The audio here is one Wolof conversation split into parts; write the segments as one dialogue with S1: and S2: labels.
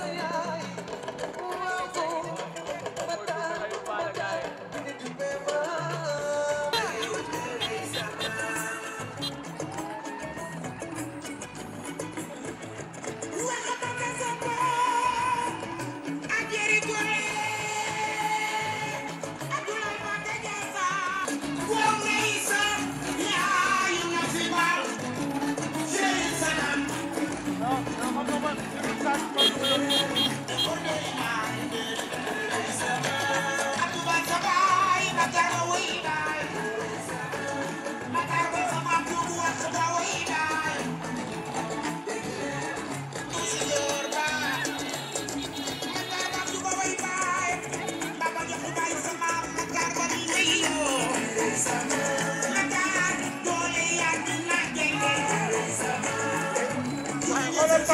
S1: sa yaay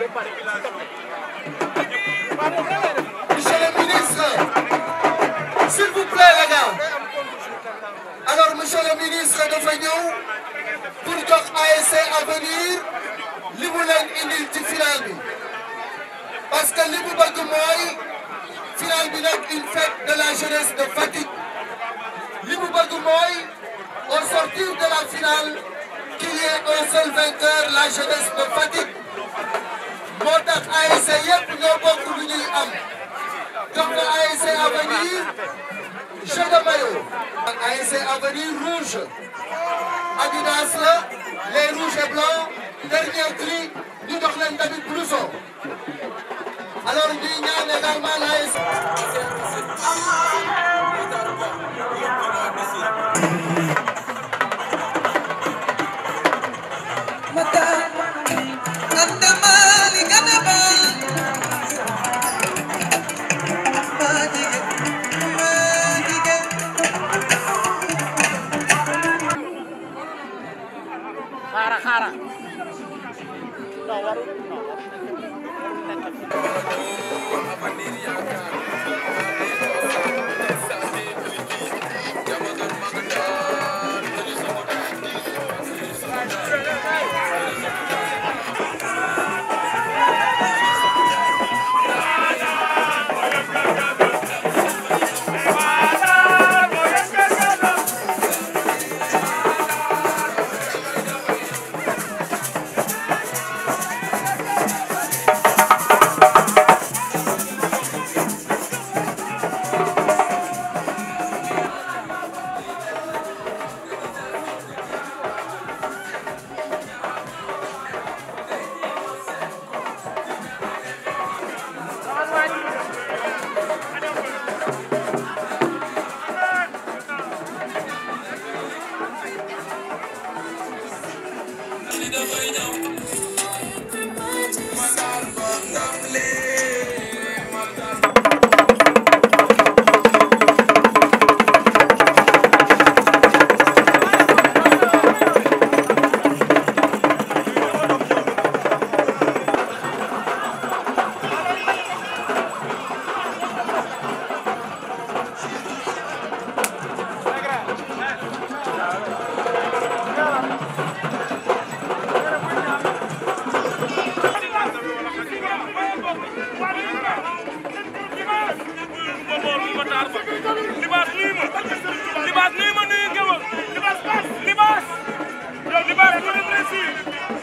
S1: Monsieur le ministre, s'il vous plaît, les gars. ministre de Fagnon, pour jox Avenir li mu leen indil final bi parce li mu bëgg mooy final bi nag une de la jeunesse de Fatick li mu bëgg mooy au sortir de la finale qu'il y ait la jeunesse de Fatick. moo tax ASC yëpp ñoo bokk lu ñuy am jox ko ASC avenir jeu de maillot ak ASC avenir rouge Adidas la les rouges et blancs dernier cri jox leen tamit blouson alors ñuy ñaan également Thank you. xool mu mataar ba libaas nuyu ma libaas nuyu ma nuyu ngewal libaas libaas yow libaas